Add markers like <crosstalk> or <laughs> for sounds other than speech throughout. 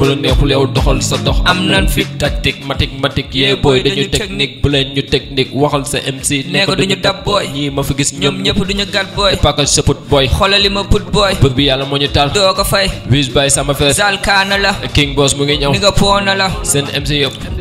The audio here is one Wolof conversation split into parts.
bu la neexul yow doxal sa dox am na fi tactique matik matik yee booy dañu technique bu leen ñu technique waxal sa MC nee ko duñu dab booy ñii ma fi gis ñoom ñëpp duñu gat booy package sa put booy xoolali ma put booy bur bi yàlla moo ñu taal doo ko fay wis bay sama frère zal kaana la king boss mu ngi ñëw ni nga poona la seen MC yëpp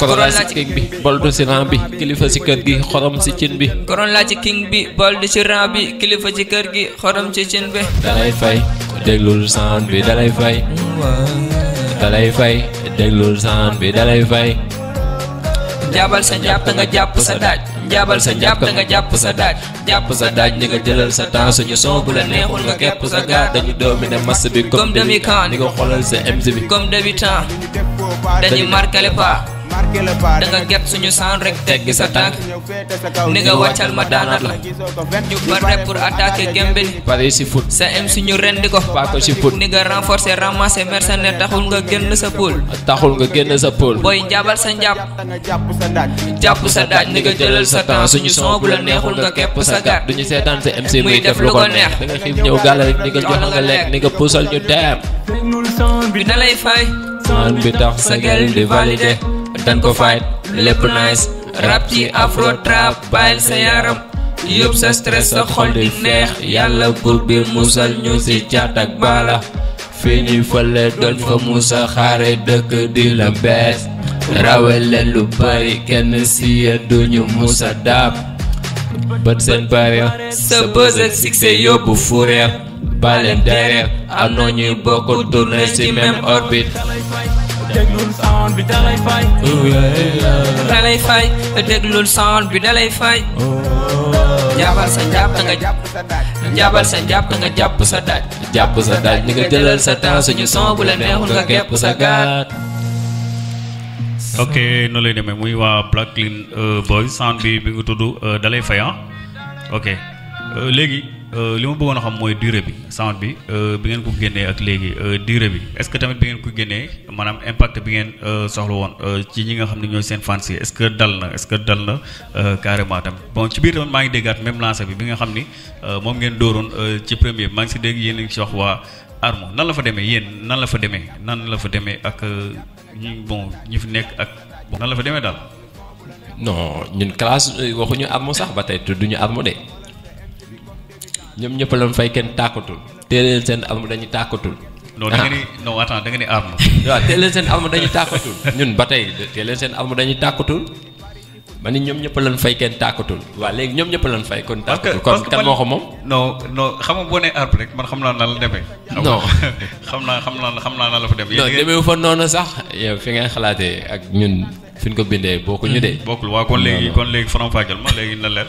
koron laa ci king bi boldu ci ran bi kilifa ci kër gi xorom ci cin bi koron laa ci king bi boldu ci ran bi kilifa ci kër gi xorom ci cin bi dalay fay déglul saan bi dalay fay dalay fay déglul saan bi dalay fay jaabal sa njàpp nga jàpp sa daaj jaabal sa njàpp nga jàpp sa daaj jàpp sa daaj ni nga jëlal sa temps suñu son bu la neexul nga képp sa gaa dañu dominer mass bi comme demi-temps ni nga xoolal sa MC bi comme débutant dañu marqué le pas da nga get suñu sound rek teggi sa tànk ni nga wàccal ma daanaat la ñu bare pour attaquer gembe li pare si foot sa em suñu rendi ko ni nga renforcer ramasser mercenaire taxul sa pool taxul nga génn sa pool booy njaabal sa njàpp jàpp sa daaj ni nga jëlal sa temps suñu son bu la neexul nga kepp sa gaat duñu seetaan sa MC muy def lu ko neex da nga xiif ñëw gàlla rek ni nga jox nga bi na lay fay sound bi tax sa gel di valider dan ko fight lépp nice rap ci afro trap bàyyil sa yaram yóbbu sa stress sa xol di neex yàlla buur bi musal ñu si caat ak baala fii ni fële doon fa musa xaare dëkk di la bees rawale lu bari kenn si yéen duñu musa daab bët seen bari sa bës ak succès yóbbu fureer baleen dereer am na ñuy bokk tourné ci même orbite déglul sound bi dalay fay. dalay déglul sound bi dalay fay. Oh. jàppal sa jàpp nga jàpp sa daaj. jàpp nga jàpp sa daaj. jàpp sa daaj ni nga jëlal sa temps suñu la neexul nga képp sa gaat. ok noonu lay demee muy waa Black Clean euh, Boy sound bi bi nga tudd euh, dalay fay ah Euh, léegi euh, li ma bëggoon a xam mooy durée bi sound bi euh, bi ngeen ko génnee ak léegi durée bi est ce que tamit bi ngeen ko génnee maanaam impact bi ngeen soxla woon ci ñi nga xam ne ñooy seen fans yi est ce que dal na est ce que dal na carrément tamit bon ci biir tamit maa ngi déggaat même lancé bi bi nga xam ni moom ngeen dóoroon ci premier bi maa ngi si dégg yéen a ngi si wax waa armo nan la fa demee yéen nan la fa demee nan la fa demee ak ñi bon ñi fi nekk ak nan la fa demee daal. non ñun classe waxuñu armo sax ba tey tudduñu armo de. ñoom ñëpp lañ fay kenn tàkkatul teel leen seen arme dañuy tàkkatul. non da nga ah. ni non da nga ni arme. waaw teel leen seen arme dañuy tàkkatul ñun ba tey teel leen seen arme dañuy tàkkatul ma ni ñoom ñëpp lañ fay kenn tàkkatul waaw léegi ñoom ñëpp lañ fay kon tàkkatul kon kan moo ko moom. non non xam nga boo ne arme rek man xam naa na la demee. <laughs> xam naa xam naa xam naa na la fa demee. non demeewu fa noonu sax yow fi ngay xalaatee ak ñun fi ñu ko bindee bokkuñu de. Hmm, bokkul waaw kon léegi kon léegi faram fàcceel ma léegi na leer.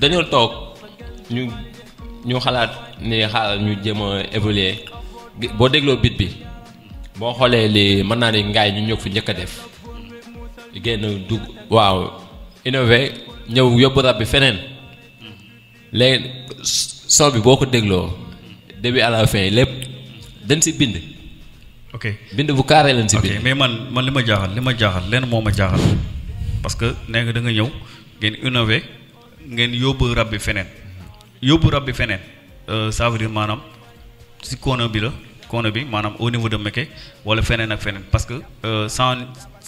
dañoo toog ñu ñu xalaat ni xaaral ñu jéem a évoluer boo dégloo bit bi boo xoolee li mën naa ne ngaay ñu ñëw fi njëkk a def génn dugg waaw innové ñëw yóbbu rab bi feneen léegi son bi boo ko dégloo début à la fin lépp dañ si bind. ok bind bu carré lañ si bind. mais man man li ma jaaxal li ma jaaxal lenn moo ma jaaxal parce que nee nga da nga ñëw ngeen innové. ngeen yóbbu rab bi feneen yóbbu rab bi feneen euh, ça veut maanaam si kono bi la kono bi maanaam au niveau de Mekke wala feneen ak feneen parce que euh, sans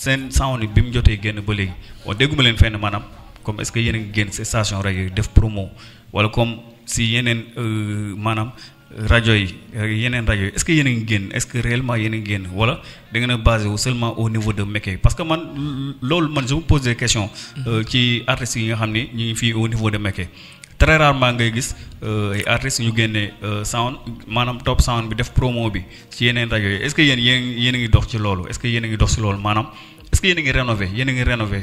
seen sans bi mu jotee génn ba léegi waaw dégguma leen fenn maanaam comme est-ce que yéen génn ngi rek station def promo wala comme si yeneen euh, maanaam rajo yi yeneen rajo yi est-ce que yéen a ngi génn est-ce que réellement yéen a ngi génn wala da ngeen a basé seulement au niveau de Mékhé parce que man loolu man je me pose des euh, mm-hmm. ci artistes yi nga xam ne ñu ngi fii au niveau de Mékhé très rarement ngay gis euh, ay artistes ñu génne euh, sound maanaam top sound bi def promo bi ci yeneen rajo yi est-ce que yéen yéen a ngi dox ci loolu est-ce que yéen a ngi dox ci loolu maanaam est-ce que yéen ngi rénové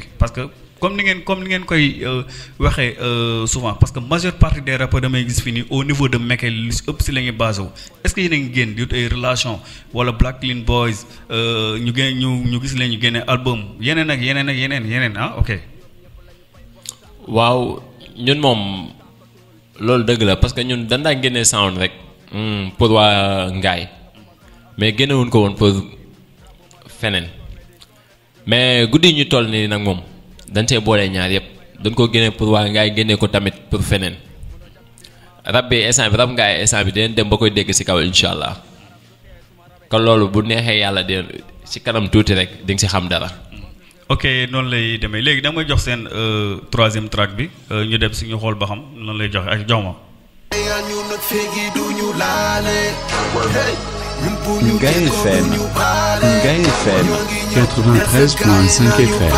comme ni ngeen comme ni ngeen koy euh, waxee euh, souvent parce que majeure partie des rappeurs damay gis fi nii au niveau de Mekel lu si ëpp si la ñuy est ce que yéen a ngi génn di wut ay relation wala Black Clean Boys euh, ñu génn ñu ñu gis leen ñu génne album yeneen ak yeneen ak yeneen yeneen ah ok. waaw ñun moom loolu dëgg la parce que ñun dañ daan génne sound rek hmm, pour waa Ngaye mais génnewuñ ko woon pour feneen mais guddi ñu toll nii nag moom. dañ see boole ñaar yëpp dañ koo génne pour waa ngay génne ko tamit pour feneen rab bi instant bi rab ngaay instant bi dinañ dem ba koy dégg si kaw incha allah kon loolu bu neexee yàlla dinañ si kanam tuuti rek di nga si xam dara. ok noonu lay demee léegi dama nga may jox seen euh, troisième track bi euh, ñu dem si ñu xool ba xam noonu lay joxe ak jox ma. Ngaye FM Ngaye FM 93.5 FM.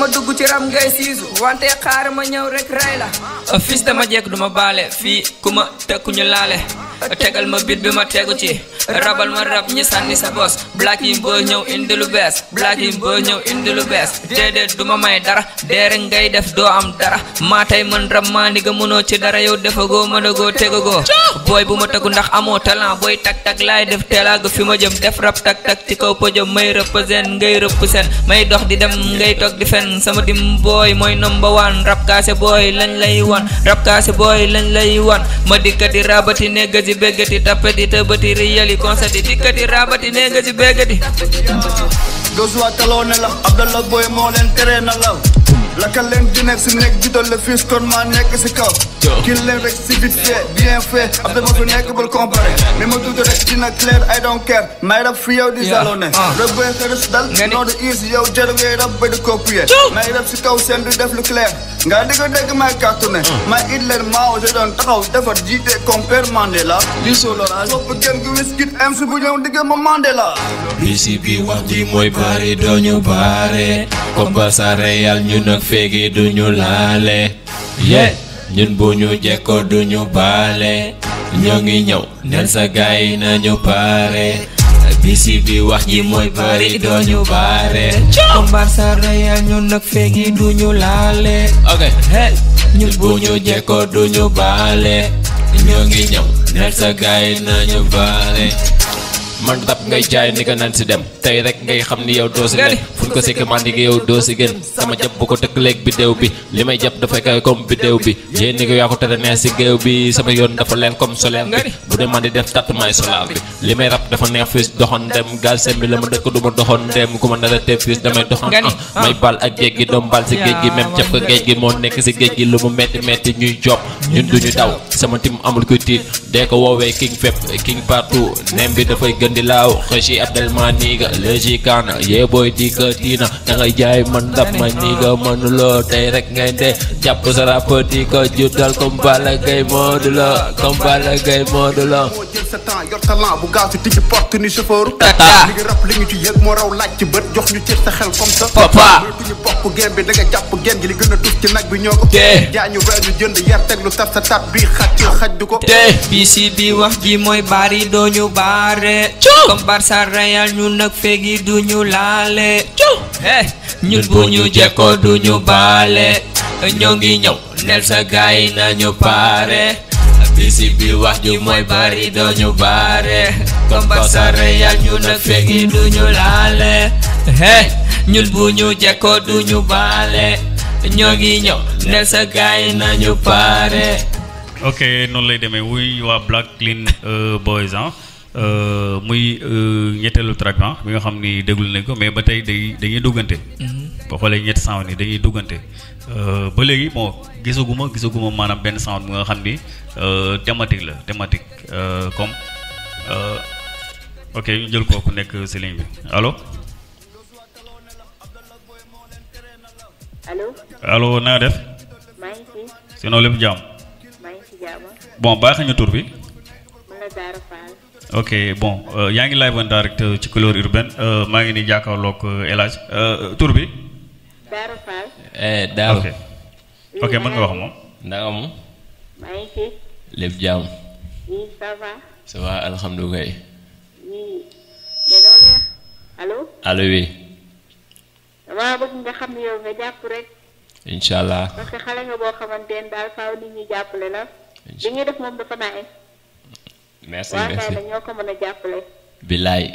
ma dugg ci ram ngay siisu wante xaar ma ñëw rek rey la fils dama jekk duma baale fii ku ma tekku ñu laale tegal ma bit bi ma tegu ci rabal ma rab ñi sànni sa bos black yi ñëw indi lu bees black yi ñëw indi lu bees déedéet du ma may dara deere ngay def doo am dara maa tey mën rab maa ni nga mënoo ci dara yow defagoo mënagoo tegagoo booy bu ma tegu ndax amoo talent booy tag tak laay def teelaaga fi ma jëm def rab tag tak ci kaw pëjëm may represent ngay represent may dox di dem ngay toog di fen sama dim booy mooy number one rab kaase booy lañ lay wan rab kaase booy lañ si béggati tappati tëbati riyali konsati dikkati raabati nee la Abdallah Boy leen di nekk si nekk judal le nekk si kaw kii leen rek si vite fait bien fait Abdal ma fi nekk dina clair I don't care may rab fi yow di salone ah. rab boy xëris dal noo du ba di copier may rab si kaw seen du def lu clair ga diga deg ma katune ma idler ma jadi don taxaw defar deh compare mandela Di solo sopp gën gu gue miskin su bu ñew diga ma mandela bcp wax moy pare doñu pare. Kompasa real ñu nak fegi duñu Yeah, ye nyu jeko jekko duñu balé ñongi ñew nel bisi bi wax ji mooy bari dooñu baare comme Barça Real ñun nag fegi duñu laale ok hey ñun bu ñu jekkoo duñu baale ñoo ngi ñëw sa gaay nañu baale man rab ngay jaay ni ko nan si dem tey rek ngay xam ni yow doo si nekk fu ko sekk man di yow doo si gën sama jàpp bu ko tëkkaleeg bidéew bi li may jàpp dafa kay comme bidéew bi yéen ni ko yaa nee si géew bi sama yoon dafa leer comme solaire bi bu dee man di def tàttumaay solaire bi li may rab dafa neex fiis doxoon dem gaal seen bi la ma dëkk du ma dem ku ma nar a tee fiis damay doxoon ah may bal ak géej gi doom bal si géej gi même jàpp ko ah, géej gi moo nekk si géej gi lu mu metti metti ñuy job ñun duñu daw sama tim amul ku tiit dee ko woowee king fépp king partout nem bi dafay gën di laaw xësi abdelma niiga léegi kaana yee booy di ka tiina da ngay jaay man ndab ma niiga mënuloo tey rek ngay dee jàpp sa ràpp di ko juddal comme Balla Gaye Modou Lo comme Balla Gaye Modou Lo tata li ngi rap li ngi ci yëg moo laaj ci bët jox ñu cër sa xel comme ça papa duñu bopp bi da nga jàpp gen a tuf ci nag sa tat bi ci xaj du te bisi bi ji mooy bari doo ñu baare comme Barça Real ñun nag feegi du ñu laale eh ñun bu ñu jekkoo du ñu baale ñoo ngi ñëw nel sa gaay nañu paare bisi bi wax ji mooy bari doo ñu baare comme Barça Real nag feegi du ñu laale eh ñun bu ñu jekkoo du ñu baale ñoo ngi ñëw nel sa gaay nañu paare ok noonu lay demee wuy waa Black Clean euh, Boys ah muy euh, ñetteelu track ah bi nga xam ni déglu nañ ko mais ba tey day dañuy duggante. Mm-hmm. boo xoolee ñetti sound ni dañuy duggante ba léegi bon gisaguma gisaguma maanaam benn sound bu nga xam ni thématique la thématique comme ok ñu jël kooku nekk si ligne bi allo. allo. allo naa def. maa ngi si. sinon lépp bon baax ñu tur bi. ok bon euh, yaa ngi live en direct euh, ci couleur euh, maa ngi ni jàkkaarloog El Hadj tur bi. Daara eh, ok mën nga wax moom. naka moom. maa jàmm. oui ça va. ça va bëgg nga xam ne yow nga jàpp rek. incha allah. parce xale nga boo xamante daal faaw nit ñi jàppale la. li ñuy def moom dafa naaj. merci merci waaw kay dañoo ko mën a jàppale. bilaay.